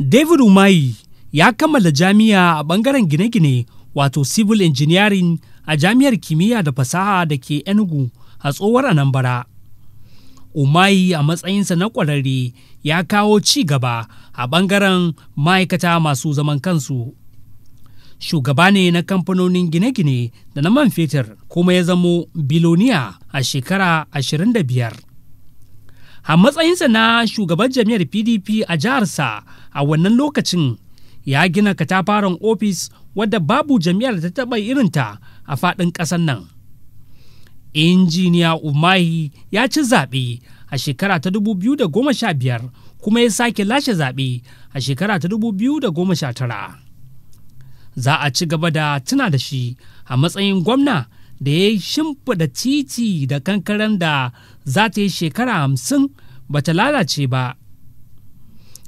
david umayi ya kammala jami'a a bangaren gine-gine wato civil engineering a jami'ar kimiyya da fasaha da ke enugu a tsohuwar anambra umayi a matsayinsa na ƙwararre ya kawo ci gaba a bangaren ma'aikata masu zaman kansu shugaba ne na kamfanonin gine-gine da na man fetur kuma ya zamo biloniya a shekara 25 a matsayinsa na shugaban jami'ar pdp a jiharsa a wannan lokacin ya gina katafaren ofis wadda babu jami'ar ta taɓa irinta a faɗin ƙasar nan injiniya umahi ya ci zaɓe a shekara ta 2015 kuma ya sake lashe zaɓe a shekara ta 2019 za a ci gaba da tuna da shi a matsayin gwamna da ya shimfiɗa titi da kankaran da za ta yi shekara hamsin ba ta lalace ba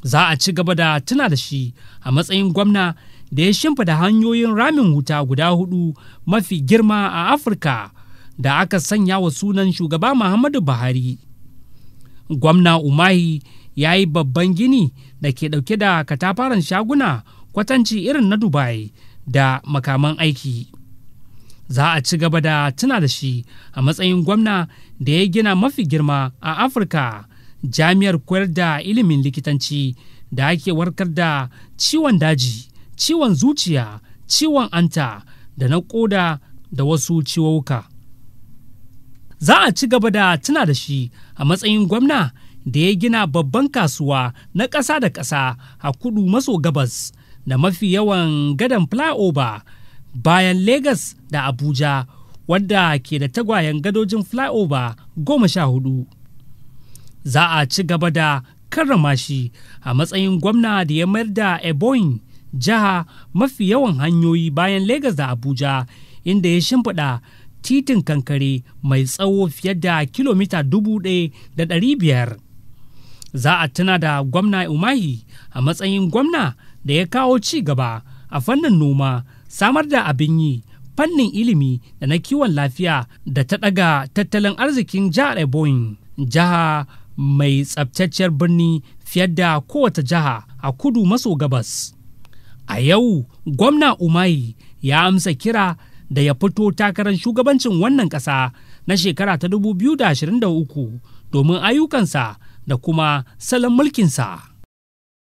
za a ci gaba da tuna da shi a matsayin gwamna da ya shimfiɗa hanyoyin ramin wuta guda hudu mafi girma a afirka da aka sanya wa sunan shugaba muhammadu buhari gwamna umahi ya yi babban gini da ke dauke da katafaren shaguna kwatanci irin na dubai da makaman aiki za a ci gaba da tuna da shi a matsayin gwamna da ya gina mafi girma a afirka jami'ar koyar da ilimin likitanci da ake warkar da ciwon daji ciwon zuciya ciwon anta da na koda da wasu ciwuka za a ci gaba da tuna da shi a matsayin gwamna da ya gina babban kasuwa na ƙasa da ƙasa a kudu maso gabas da mafi yawan gadon flyover bayan Legas da Abuja wadda ke da tagwayen gadojin flyover goma sha hudu. Za a ci gaba da karrama shi a matsayin gwamna da ya mayar da Ebonyi jiha mafi yawan hanyoyi bayan Legas da Abuja inda ya shimfiɗa titin kankare mai tsawo fiye da kilomita dubu ɗaya da ɗari biyar. Za a tuna da gwamna Umahi a matsayin gwamna da ya kawo ci gaba a fannin noma samar da abin yi fannin ilimi da na kiwon lafiya da ta daga tattalin arzikin jihar ebonyi jiha mai tsabtacciyar birni fiye da kowace jiha a kudu maso gabas a yau gwamna umahi ya amsa kira da ya fito takarar shugabancin wannan ƙasa na shekara ta 2023 domin ayyukansa da kuma salon mulkinsa.